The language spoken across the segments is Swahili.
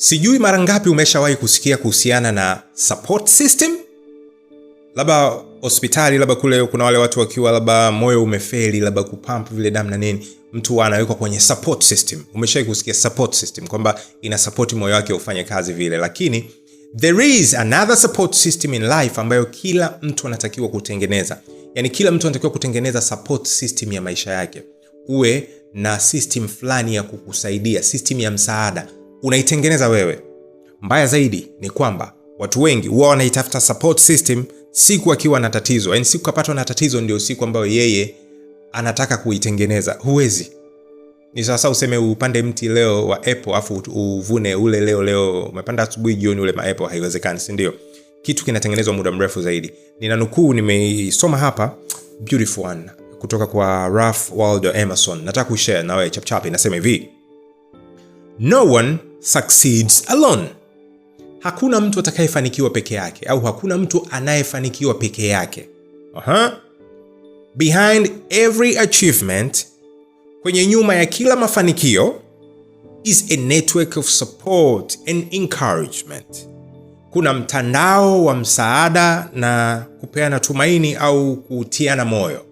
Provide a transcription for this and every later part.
Sijui mara ngapi umeshawahi kusikia kuhusiana na support system, labda hospitali, labda kule kuna wale watu wakiwa labda moyo umefeli, labda kupump vile damu na nini, mtu anawekwa kwenye support system. Umeshawahi kusikia support system kwamba ina support moyo wake ufanye kazi vile, lakini there is another support system in life ambayo kila mtu anatakiwa kutengeneza. Yani kila mtu anatakiwa kutengeneza support system ya maisha yake, uwe na system fulani ya kukusaidia, system ya msaada unaitengeneza wewe. Mbaya zaidi ni kwamba watu wengi huwa wanaitafuta support system siku akiwa na tatizo, yani siku kapatwa na tatizo ndio siku ambayo yeye anataka kuitengeneza. Huwezi, ni sawasawa useme upande mti leo wa apple afu uvune ule leo leo, umepanda asubuhi, jioni ule ma apple, haiwezekani, si ndio? Kitu kinatengenezwa muda mrefu zaidi. Nina nukuu, nimeisoma hapa, beautiful one kutoka kwa Ralph Waldo Emerson, nataka kushare na wewe chapchap. Inasema hivi, no one succeeds alone. Hakuna mtu atakayefanikiwa peke yake au hakuna mtu anayefanikiwa peke yake. Aha. Behind every achievement, kwenye nyuma ya kila mafanikio is a network of support and encouragement. Kuna mtandao wa msaada na kupeana tumaini au kutiana moyo,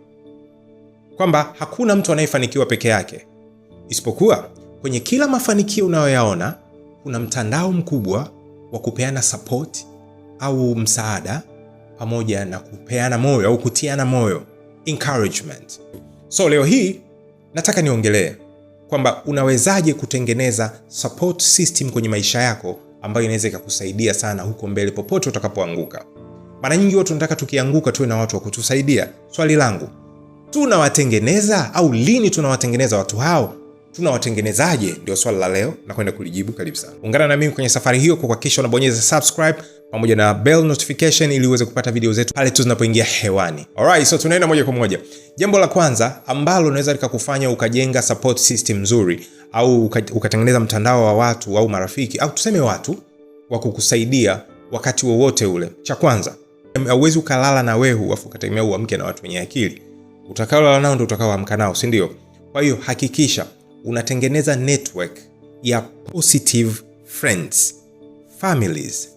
kwamba hakuna mtu anayefanikiwa peke yake, isipokuwa Kwenye kila mafanikio unayoyaona kuna mtandao mkubwa wa kupeana support au msaada pamoja na kupeana moyo au kutiana moyo encouragement. So leo hii nataka niongelee kwamba unawezaje kutengeneza support system kwenye maisha yako ambayo inaweza ikakusaidia sana huko mbele popote utakapoanguka. Mara nyingi watu tunataka tukianguka tuwe na watu wa kutusaidia. Swali langu, tunawatengeneza au lini tunawatengeneza watu hao tunawatengenezaje Ndio swala la leo na kwenda kulijibu. Karibu sana, ungana na mimi kwenye safari hiyo kwa kuhakikisha unabonyeza subscribe pamoja na bell notification ili uweze kupata video zetu pale tu zinapoingia hewani. Alright, so tunaenda moja kwa moja. Jambo la kwanza ambalo unaweza likakufanya ukajenga support system nzuri au ukatengeneza mtandao wa watu au marafiki au tuseme watu wa kukusaidia wakati wowote ule, cha kwanza hauwezi ukalala na wehu afu ukategemea uamke na watu wenye akili. Utakaolala nao ndio utakaoamka nao, si ndio? Kwa hiyo hakikisha unatengeneza network ya positive friends, families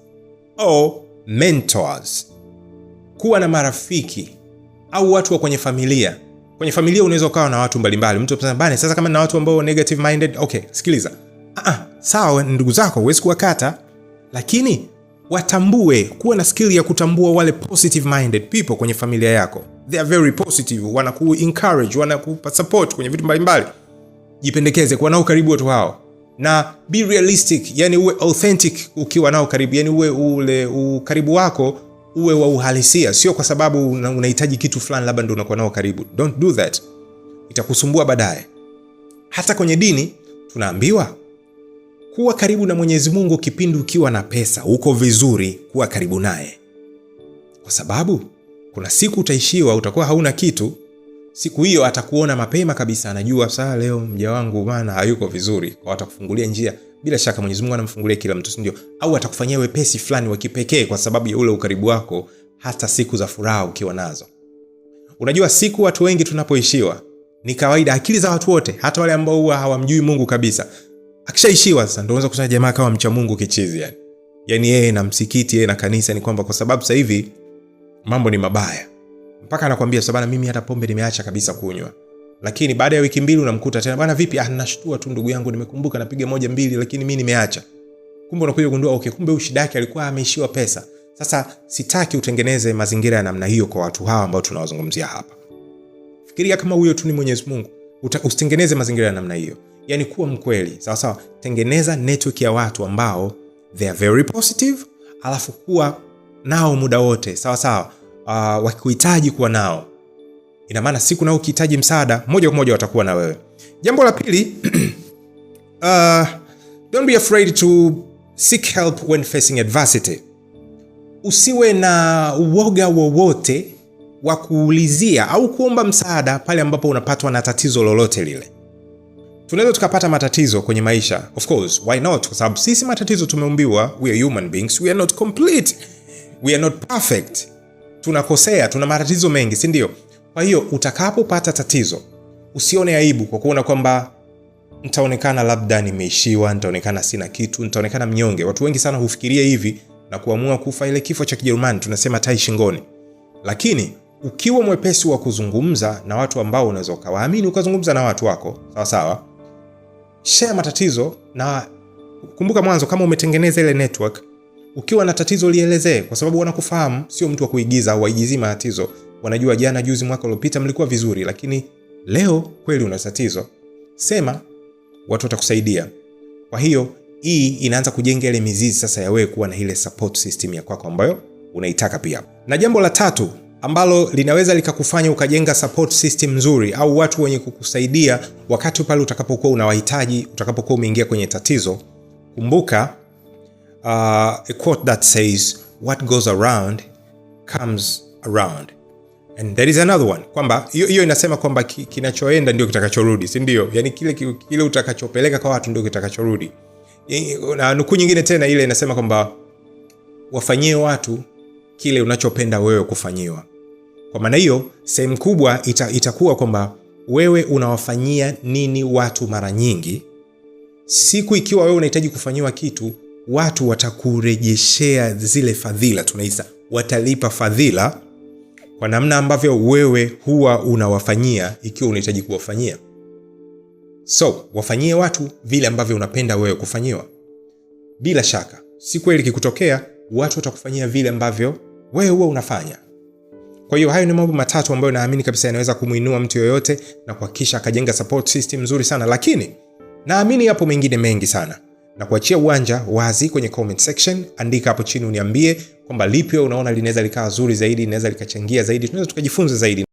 au mentors. Kuwa na marafiki au watu wa kwenye familia. Kwenye familia unaweza ukawa na watu mbalimbali. Mtu anasema bana, sasa kama na watu ambao negative minded, okay, sikiliza. Ah, ah, sawa, ndugu zako huwezi kuwakata, lakini watambue, kuwa na skill ya kutambua wale positive minded people kwenye familia yako. They are very positive, wanaku encourage, wanakupa support kwenye vitu mbalimbali mbali jipendekeze kuwa nao karibu watu hao na be realistic, yani uwe authentic ukiwa nao karibu, yani uwe ule ukaribu wako uwe wa uhalisia, sio kwa sababu unahitaji kitu fulani labda ndio unakuwa nao karibu. Don't do that, itakusumbua baadaye. Hata kwenye dini tunaambiwa kuwa karibu na Mwenyezi Mungu kipindi ukiwa na pesa, uko vizuri, kuwa karibu naye, kwa sababu kuna siku utaishiwa, utakuwa hauna kitu siku hiyo atakuona mapema kabisa, anajua saa leo mja wangu bana hayuko vizuri, kwa atakufungulia njia. Bila shaka Mwenyezi Mungu anamfungulia kila mtu, si Au atakufanyia wepesi fulani wa kipekee kwa sababu ya ule ukaribu wako, hata siku za furaha ukiwa nazo. Unajua, siku watu wengi tunapoishiwa ni kawaida, akili za watu wote, hata wale ambao huwa hawamjui Mungu kabisa, akishaishiwa sasa ndio unaweza kusema jamaa kama mcha Mungu kichizi, yani yani yeye na msikiti, yeye na kanisa, ni kwamba kwa sababu sasa hivi mambo ni mabaya mpaka anakwambia sabana mimi hata pombe nimeacha kabisa kunywa. Lakini baada ya wiki mbili unamkuta tena, bana vipi? Ah, tu ndugu yangu, nimekumbuka napiga moja mbili, lakini mimi nimeacha. Kumbe unakuja kugundua okay, kumbe huyu shida yake alikuwa ameishiwa pesa. Sasa sitaki utengeneze mazingira ya namna hiyo kwa watu hawa ambao tunawazungumzia hapa. Fikiria kama huyo tu ni Mwenyezi Mungu, usitengeneze mazingira ya namna hiyo. Yani kuwa mkweli, sawa sawa, tengeneza network ya watu ambao they are very positive, alafu kuwa nao muda wote, sawa sawa uh, wakihitaji kuwa nao. Ina maana siku nao ukihitaji msaada moja kwa moja watakuwa na wewe. Jambo la pili uh, don't be afraid to seek help when facing adversity. Usiwe na uoga wowote wa kuulizia au kuomba msaada pale ambapo unapatwa na tatizo lolote lile. Tunaweza tukapata matatizo kwenye maisha, of course, why not? Kwa sababu sisi matatizo tumeumbiwa, we are human beings, we are not complete, we are not perfect tunakosea, tuna matatizo mengi, si ndio? Kwa hiyo utakapopata tatizo usione aibu kwa kuona kwamba nitaonekana labda nimeishiwa, nitaonekana sina kitu, nitaonekana mnyonge. Watu wengi sana hufikiria hivi na kuamua kufa ile kifo cha Kijerumani tunasema tai shingoni. Lakini ukiwa mwepesi wa kuzungumza na watu ambao unaweza ukawaamini, ukazungumza na watu wako sawa sawa, share matatizo na kumbuka, mwanzo kama umetengeneza ile network ukiwa na tatizo lielezee, kwa sababu wanakufahamu, sio mtu wa kuigiza au waigizi matatizo. Wanajua jana, juzi, mwaka uliopita mlikuwa vizuri, lakini leo kweli una tatizo. Sema, watu watakusaidia. Kwa hiyo hii inaanza kujenga ile mizizi sasa ya wewe kuwa na ile support system ya kwako ambayo unaitaka pia. Na jambo la tatu ambalo linaweza likakufanya ukajenga support system nzuri au watu wenye kukusaidia wakati pale utakapokuwa unawahitaji, utakapokuwa umeingia kwenye tatizo, kumbuka uh, a quote that says what goes around comes around and there is another one kwamba hiyo inasema kwamba kinachoenda ndio kitakachorudi si ndio yani kile kile utakachopeleka kwa watu ndio kitakachorudi na nukuu nyingine tena ile inasema kwamba wafanyie watu kile unachopenda wewe kufanyiwa kwa maana hiyo sehemu kubwa ita, itakuwa kwamba wewe unawafanyia nini watu mara nyingi siku ikiwa wewe unahitaji kufanyiwa kitu watu watakurejeshea zile fadhila, tunaisa watalipa fadhila kwa namna ambavyo wewe huwa unawafanyia ikiwa unahitaji kuwafanyia. So wafanyie watu vile ambavyo unapenda wewe kufanyiwa. Bila shaka, si kweli kikutokea, watu watakufanyia vile ambavyo wewe huwa unafanya. Kwa hiyo hayo ni mambo matatu ambayo naamini kabisa yanaweza kumuinua mtu yoyote na kuhakikisha akajenga support system nzuri sana, lakini naamini yapo mengine mengi sana na kuachia uwanja wazi kwenye comment section. Andika hapo chini uniambie kwamba lipi unaona linaweza likawa zuri zaidi, linaweza likachangia zaidi, tunaweza tukajifunza zaidi.